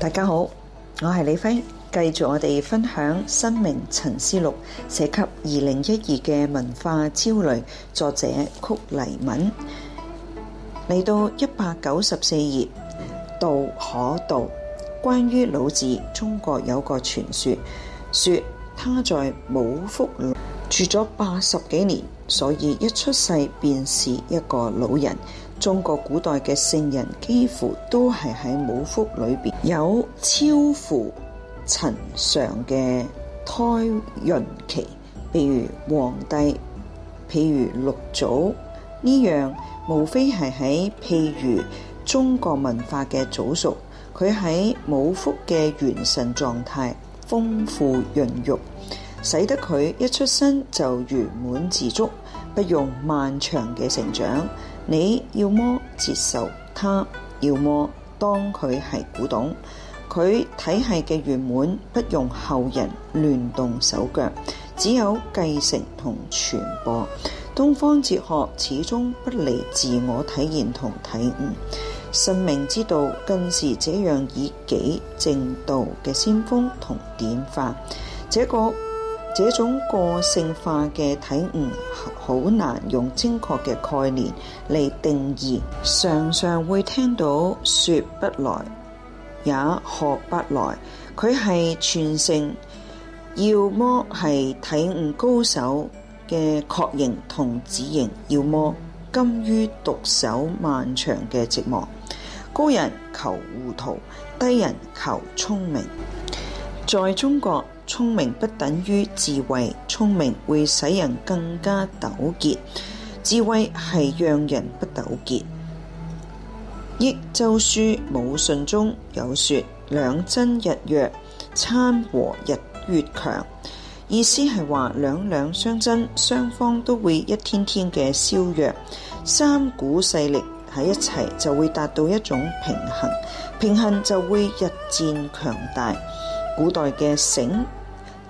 大家好，我係李輝，繼續我哋分享《生命沉思錄》，寫給二零一二嘅文化焦慮，作者曲黎敏，嚟到一百九十四頁，道可道。關於老子，中國有個傳說，說他在武福住咗八十幾年，所以一出世便是一個老人。中國古代嘅聖人幾乎都係喺母腹裏邊有超乎尋常嘅胎孕期，譬如皇帝，譬如六祖呢樣，無非係喺譬如中國文化嘅早熟。佢喺母腹嘅元神狀態豐富孕育，使得佢一出生就圓滿自足，不用漫長嘅成長。你要麼接受他，要麼當佢係古董。佢體系嘅圓滿，不用後人亂動手腳，只有繼承同傳播。東方哲學始終不離自我體驗同體悟，生命之道更是這樣，以己正道嘅先鋒同典範。這個。這種個性化嘅體悟，好難用精確嘅概念嚟定義，常常會聽到説不來，也學不來。佢係全性，要麼係體悟高手嘅確認同指認，要麼甘於獨守漫長嘅寂寞。高人求糊塗，低人求聰明，在中國。聰明不等於智慧，聰明會使人更加糾結，智慧係讓人不糾結。《逸周書·武順》中有說：兩爭曰弱，參和日月強。意思係話兩兩相爭，雙方都會一天天嘅削弱；三股勢力喺一齊就會達到一種平衡，平衡就會日漸強大。古代嘅繩。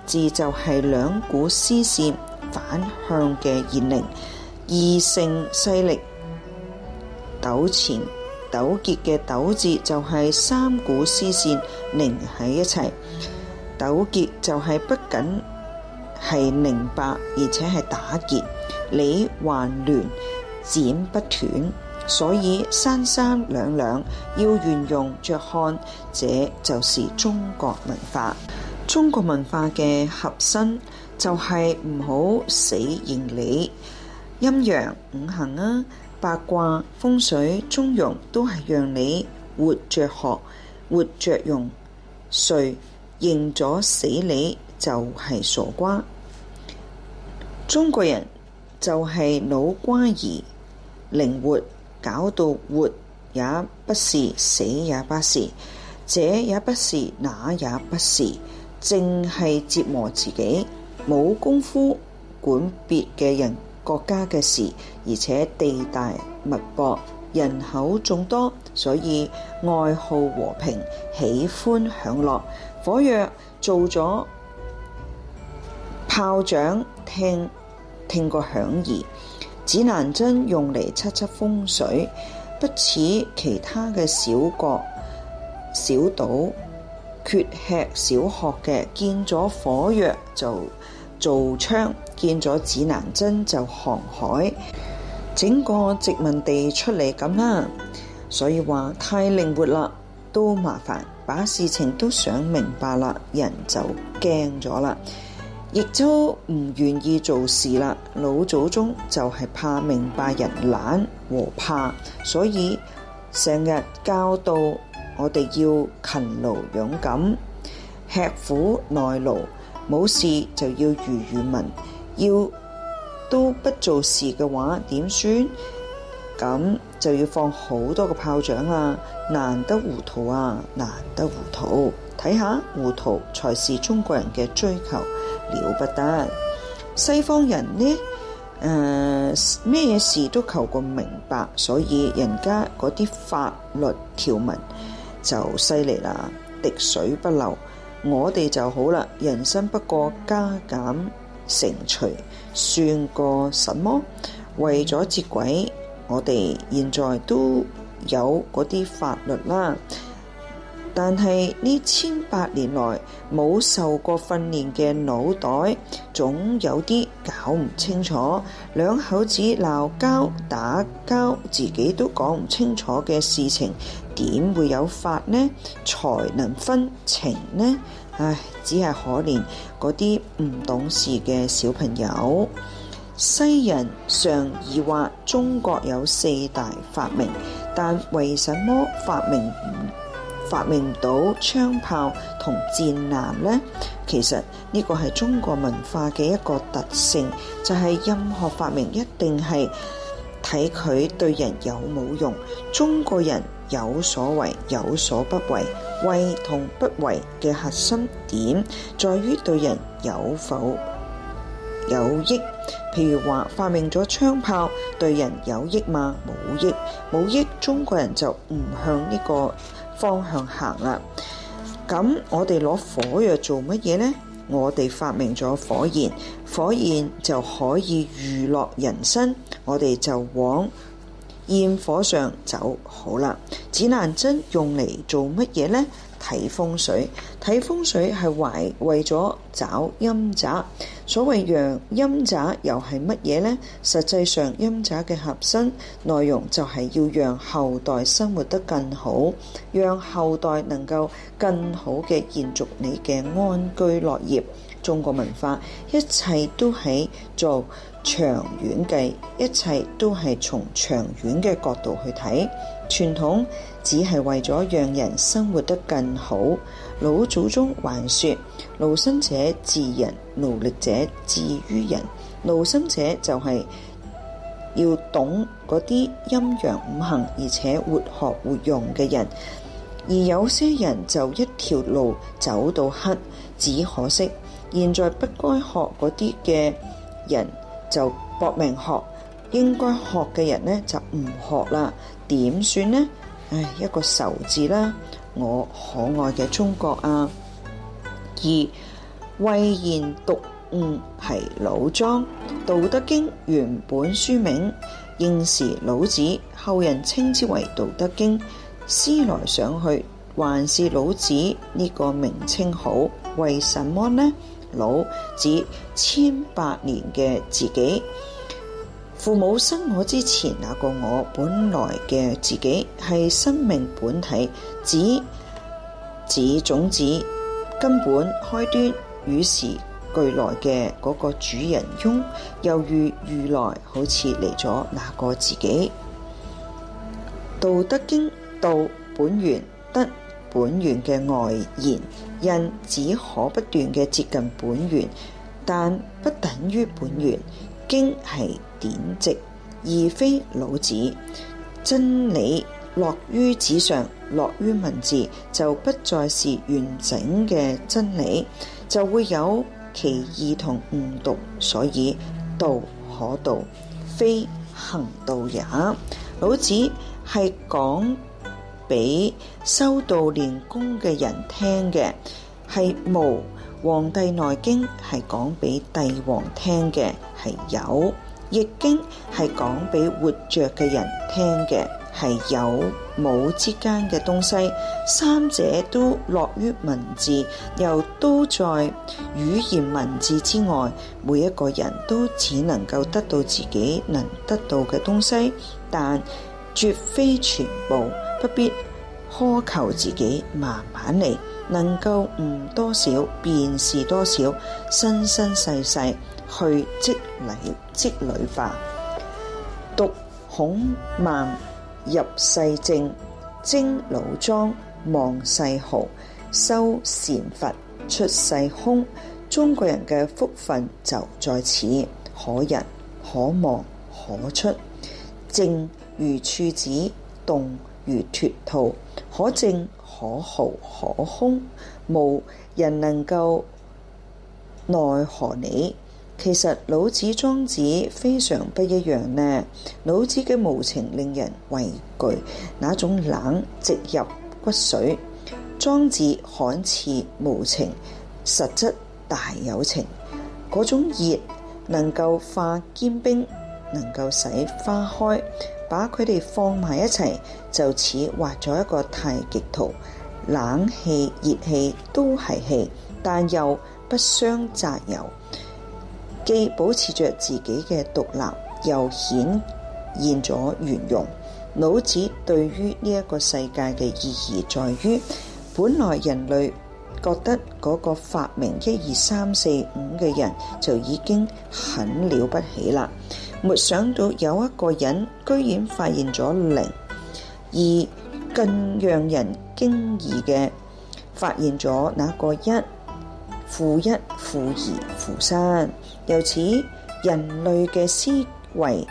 字就係兩股絲線反向嘅連擰，異性勢力糾纏、糾結嘅糾字就係三股絲線擰喺一齊。糾結就係不僅係明白，而且係打結，理還亂，剪不斷。所以三三兩兩要沿用着看，這就是中國文化。中國文化嘅核心就係唔好死認你。陰陽五行啊、八卦風水、中庸都係讓你活着學、活着用。誰認咗死你就係傻瓜。中國人就係腦瓜兒靈活，搞到活也不是，死也不是，這也不是，那也不是。淨係折磨自己，冇功夫管別嘅人、國家嘅事，而且地大物博，人口眾多，所以愛好和平，喜歡享樂。火藥做咗炮仗，聽聽個響兒。指南針用嚟測測風水，不似其他嘅小國、小島。缺吃少學嘅，見咗火藥就做槍，見咗指南針就航海，整個殖民地出嚟咁啦。所以話太靈活啦，都麻煩，把事情都想明白啦，人就驚咗啦，亦都唔願意做事啦。老祖宗就係怕明白人懶和怕，所以成日教導。我哋要勤勞勇敢，吃苦耐勞，冇事就要如雨文。要都不做事嘅話，點算？咁就要放好多個炮仗啊，難得糊塗啊，難得糊塗。睇下糊塗才是中國人嘅追求，了不得。西方人呢？誒、呃，咩事都求個明白，所以人家嗰啲法律條文。就犀利啦，滴水不漏。我哋就好啦，人生不過加減乘除，算個什麼？為咗接軌，我哋現在都有嗰啲法律啦。但係呢，千百年來冇受過訓練嘅腦袋，總有啲搞唔清楚，兩口子鬧交打交，自己都講唔清楚嘅事情。點會有法呢？才能分情呢？唉，只係可憐嗰啲唔懂事嘅小朋友。西人常疑惑中國有四大發明，但為什麼發明發明唔到槍炮同戰艦呢？其實呢個係中國文化嘅一個特性，就係任何發明一定係睇佢對人有冇用。中國人。有所為，有所不為，為同不為嘅核心點，在於對人有否有益。譬如話發明咗槍炮，對人有益嘛？冇益，冇益，中國人就唔向呢個方向行啦。咁我哋攞火藥做乜嘢呢？我哋發明咗火焰，火焰就可以娛樂人生，我哋就往。焰火上就好啦。指南針用嚟做乜嘢呢？睇風水，睇風水係為咗找陰宅。所謂陽陰宅又係乜嘢呢？實際上陰宅嘅核心內容就係要讓後代生活得更好，讓後代能夠更好嘅延續你嘅安居樂業。中國文化一切都喺做。長遠計，一切都係從長遠嘅角度去睇。傳統只係為咗讓人生活得更好。老祖宗還說：勞心者治人，勞力者治於人。勞心者就係要懂嗰啲陰陽五行，而且活學活用嘅人。而有些人就一條路走到黑，只可惜現在不該學嗰啲嘅人。就搏命學，應該學嘅人呢就唔學啦，點算呢？唉，一個愁字啦，我可愛嘅中國啊！二魏延讀誤係老莊，《道德經》原本書名應是老子，後人稱之為《道德經》。思來想去，還是老子呢個名稱好，為什麼呢？老指千百年嘅自己，父母生我之前那個我，本來嘅自己係生命本體，指指種子根本開端與時俱來嘅嗰個主人翁，又如如來，好似嚟咗那個自己。道德經，道本源德。本源嘅外延，人只可不斷嘅接近本源，但不等於本源。經係典籍，而非老子。真理落於紙上，落於文字，就不再是完整嘅真理，就會有歧義同誤讀。所以道可道，非行道也。老子係講，俾修道練功嘅人聽嘅，係無。《黃帝內經》係講俾帝王聽嘅，係有。《易經》係講俾活着嘅人聽嘅，係有無之間嘅東西。三者都落於文字，又都在語言文字之外。每一個人都只能夠得到自己能得到嘅東西，但絕非全部，不必。苛求自己，慢慢嚟，能夠悟多少，便是多少，生生世世去積累積累化。讀孔孟入世正，精老莊忘世豪，修禪佛出世空。中國人嘅福分就在此，可入可忘可出，正如處子動，如脫兔，可靜可豪可凶，無人能夠奈何你。其實老子莊子非常不一樣呢。老子嘅無情令人畏懼，那種冷直入骨髓；莊子看似無情，實質大有情。嗰種熱能夠化堅冰，能夠使花開。把佢哋放埋一齊，就似畫咗一個太極圖。冷氣、熱氣都係氣，但又不相雜糅，既保持着自己嘅獨立，又顯現咗圓融。老子對於呢一個世界嘅意義在，在於本來人類覺得嗰個發明一二三四五嘅人就已經很了不起啦。沒想到有一個人居然發現咗零，而更讓人驚異嘅發現咗那個一、負一、負二、負三。由此人類嘅思維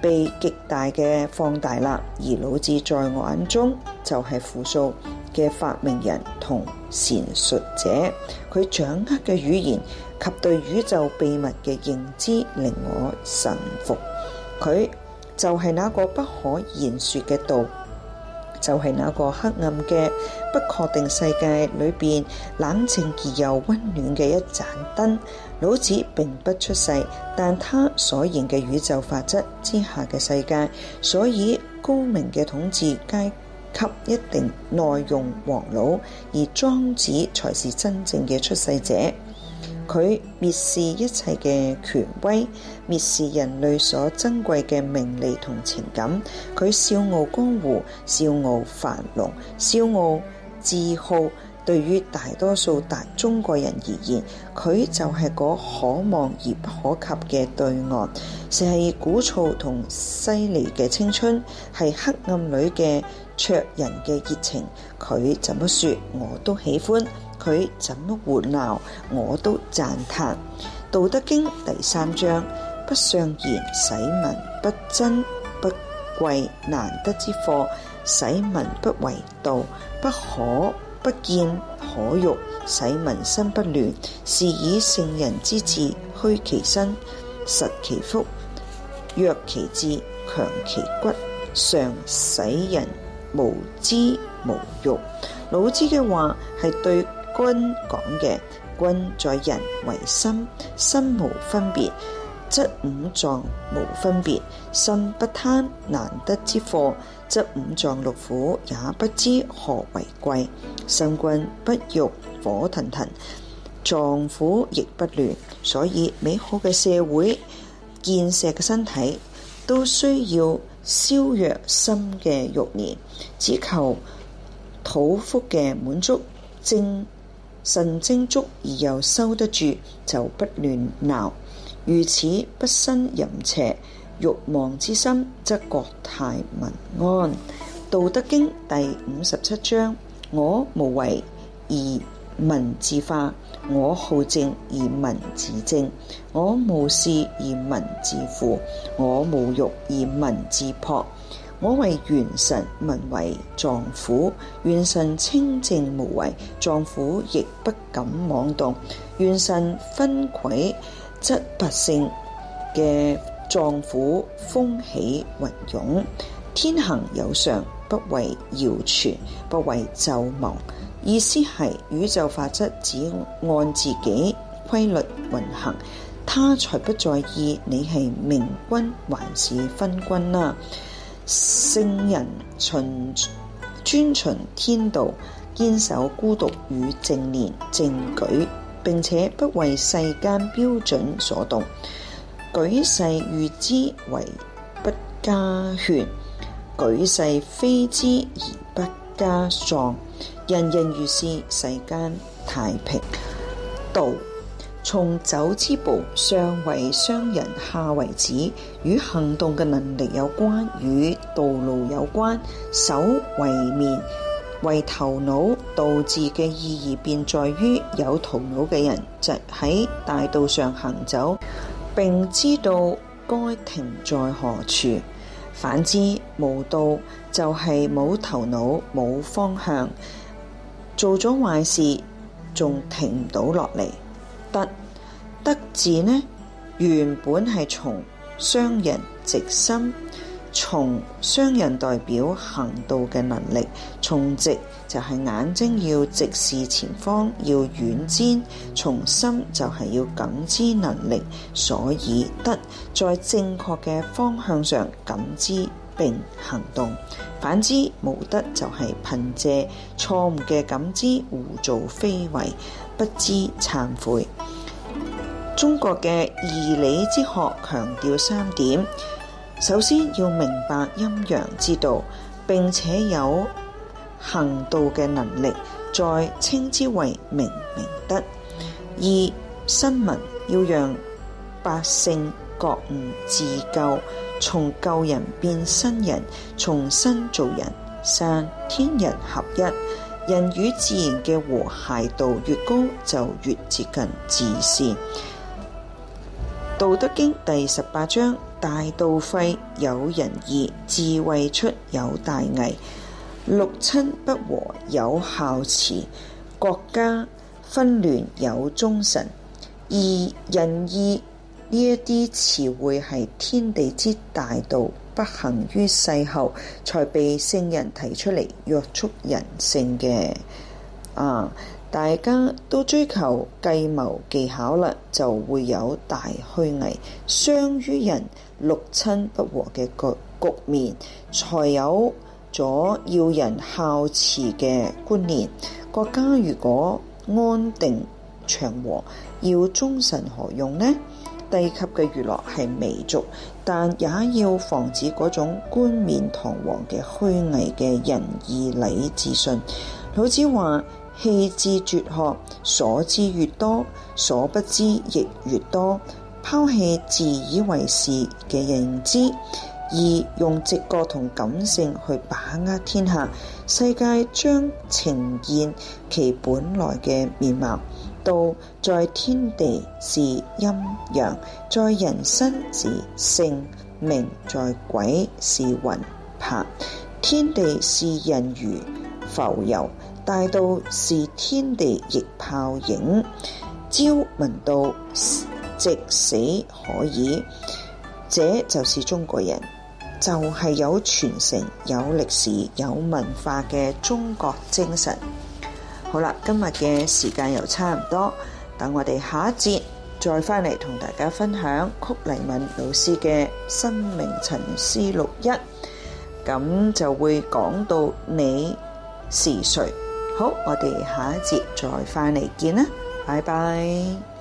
被極大嘅放大啦，而老子在我眼中就係負數嘅發明人同闡述者，佢掌握嘅語言，及對宇宙秘密嘅認知令我神服，佢就係那個不可言說嘅道，就係、是、那個黑暗嘅不確定世界裏邊冷靜而又溫暖嘅一盞燈。老子並不出世，但他所言嘅宇宙法則之下嘅世界，所以高明嘅統治階級一定內用黃老，而莊子才是真正嘅出世者。佢蔑視一切嘅權威，蔑視人類所珍貴嘅名利同情感。佢笑傲江湖，笑傲繁榮，笑傲自豪。對於大多數大中國人而言，佢就係嗰可望而不可及嘅對岸。成係鼓噪同犀利嘅青春，係黑暗裏嘅灼人嘅熱情。佢怎麼說我都喜歡。佢怎麼胡鬧，我都讚嘆《道德經》第三章：不尚賢，使民不爭；不貴難得之貨，使民不為盜；不可不見可欲，使民心不亂。是以聖人之治，虛其身，實其腹，弱其志，強其骨，常使人無知無欲。老子嘅話係對。君講嘅君在人為心，心無分別，則五臟無分別；心不貪難得之貨，則五臟六腑也不知何為貴。心君不欲火騰騰，臟腑亦不亂。所以美好嘅社會健碩嘅身體，都需要消弱心嘅欲念，只求肚腹嘅滿足正。神精足而又收得住，就不亂鬧。如此不生淫邪，欲望之心，則國泰民安。道德經第五十七章：我無為而民自化，我好正而民自正，我無事而民自富，我無欲而民自樸。我為元神，民為臟腑。元神清靜無為，臟腑亦不敢妄動。元神分愧，則百姓嘅臟腑風起雲湧。天行有常，不為堯存，不為紂亡。意思係宇宙法則只按自己規律運行，他才不在意你係明君還是昏君啦、啊。聖人循遵循天道，堅守孤獨與正念、正舉，並且不為世間標準所動。舉世譽之為不加勸，舉世非之而不加喪。人人如是，世間太平。道。從走之步，上為商人，下為子，與行動嘅能力有關，與道路有關。首為面，為頭腦，道字嘅意義便在於有頭腦嘅人，就喺大道上行走，并知道該停在何處。反之，無道就係、是、冇頭腦、冇方向，做咗壞事仲停唔到落嚟。但字呢，原本係從雙人直心，從雙人代表行動嘅能力，從直就係眼睛要直視前方，要遠瞻；從心就係要感知能力，所以得在正確嘅方向上感知並行動。反之無德就係憑借錯誤嘅感知胡作非為，不知懺悔。中國嘅義理之學強調三點：首先，要明白陰陽之道，並且有行道嘅能力，再稱之為明明德；二，新民要讓百姓覺悟自救，從舊人變新人，重新做人；三，天人合一，人與自然嘅和諧度越高，就越接近至善。道德經第十八章：大道廢，有仁義；智慧出，有大偽；六親不和，有孝慈；國家昏亂，有忠臣。而仁義呢一啲詞，會係天地之大道，不行於世後，才被聖人提出嚟約束人性嘅。啊！大家都追求計謀技巧啦，就會有大虛偽、傷於人、六親不和嘅局局面，才有咗要人孝慈嘅觀念。國家如果安定祥和，要忠臣何用呢？低級嘅娛樂係媚俗，但也要防止嗰種冠冕堂皇嘅虛偽嘅仁義禮智信。老子話。棄智絕學，所知越多，所不知亦越多。拋棄自以為是嘅認知，而用直覺同感性去把握天下，世界將呈現其本來嘅面貌。道在天地，是陰陽；在人身，是性命；在鬼，是魂魄。天地是人如浮游。大道是天地亦泡影，朝聞道，夕死可以。這就是中國人，就係、是、有傳承、有歷史、有文化嘅中國精神。好啦，今日嘅時間又差唔多，等我哋下一節再翻嚟同大家分享曲黎敏老師嘅《生命沉思錄一》，咁就會講到你是誰。好，我哋下一節再返嚟見啦，拜拜。